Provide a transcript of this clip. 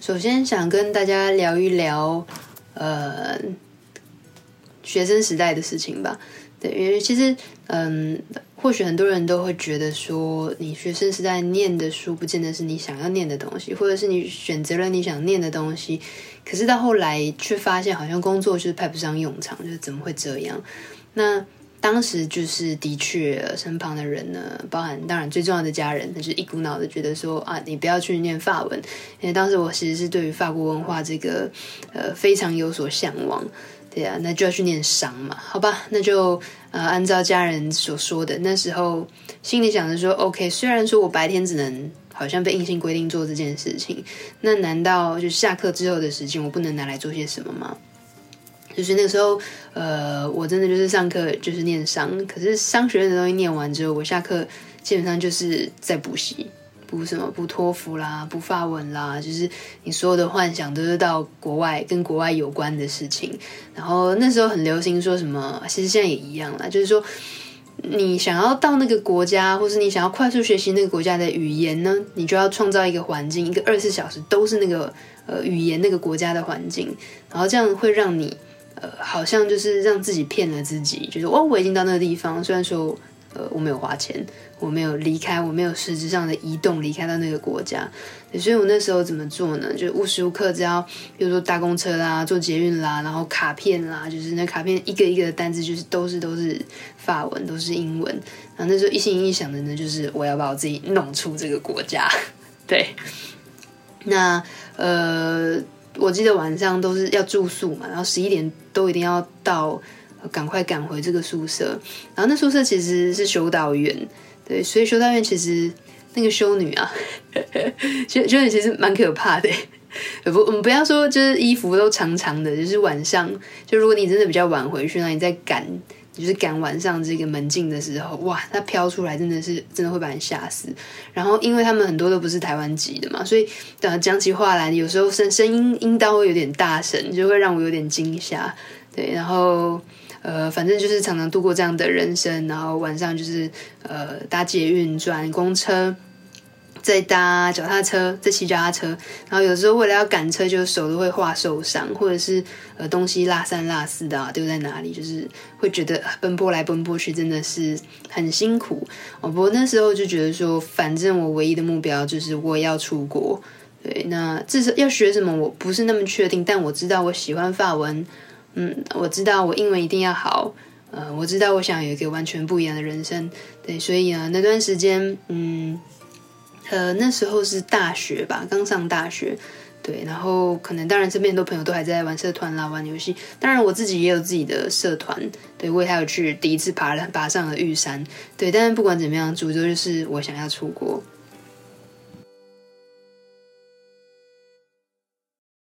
首先想跟大家聊一聊，呃，學生時代的事情吧。對，因為其實，嗯、呃，或許很多人都會覺得說，你學生時代念的書，不見得是你想要念的東西，或者是你選擇了你想念的東西，可是到後來卻發現，好像工作就是派不上用場，就是怎麼會這樣？那當時就是的確，身旁的人呢，包含當然最重要的家人，他就是、一股腦的覺得說啊，你不要去念法文，因為當時我其實是對於法國文化這個呃非常有所向往，對啊，那就要去念商嘛，好吧，那就呃按照家人所說的，那時候心裡想着說，OK，雖然說我白天只能好像被硬性規定做這件事情，那難道就下課之後的時間我不能拿來做些什麼嗎？就是那時候，呃，我真的就是上課就是念商，可是商學院的東西念完之後，我下課基本上就是在補習，補什麼？補托福啦，補法文啦。就是你所有的幻想都是到國外跟國外有關的事情。然後那時候很流行說什麼，其實現在也一樣啦，就是說你想要到那個國家，或是你想要快速學習那個國家的語言呢，你就要創造一個環境，一個二十四小時都是那個呃語言那個國家的環境，然後這樣會讓你。呃，好像就是讓自己騙了自己，就是哦，我已經到那個地方。雖然說，呃，我沒有花錢，我沒有離開，我沒有實質上的移動，離開到那個國家。所以，我那時候怎麼做呢？就無時無刻只要，比如說搭公車啦，坐捷運啦，然後卡片啦，就是那卡片一個一個的單子，就是都是都是法文，都是英文。然後那時候一心一意想的呢，就是我要把我自己弄出這個國家。對，那呃。我記得晚上都是要住宿嘛，然後十一點都一定要到，趕快趕回這個宿舍。然後那宿舍其實是修道院，對，所以修道院其實那個修女啊， 修修女其實蠻可怕的。不，我們不要說，就是衣服都長長的，就是晚上，就如果你真的比較晚回去，那你再趕，就是趕晚上這個門禁的時候，哇，它飄出來真的是真的會把人嚇死。然後，因為他們很多都不是台灣籍的嘛，所以等、啊、講起話來有時候聲聲音音倒會有點大聲，就會讓我有點驚嚇。對，然後呃，反正就是常常度過這樣的人生。然後晚上就是呃搭捷運、轉公車。再搭腳踏車，再騎腳踏車，然後有時候為了要趕車，就手都會劃受傷，或者是呃東西落三落四的丟、啊、在哪裡，就是會覺得奔波來奔波去真的是很辛苦。哦，不過那時候就覺得說，反正我唯一的目標就是我要出國。對，那至少要學什麼，我不是那麼確定，但我知道我喜歡法文，嗯，我知道我英文一定要好，嗯、呃，我知道我想有一個完全不一樣的人生。對，所以呢、啊，那段時間，嗯。呃，那時候是大學吧，剛上大學，對，然後可能當然身邊很多朋友都還在玩社團啦，玩遊戲，當然我自己也有自己的社團，對，我也還有去第一次爬了爬上了玉山，對，但是不管怎麼樣，主軸就是我想要出國。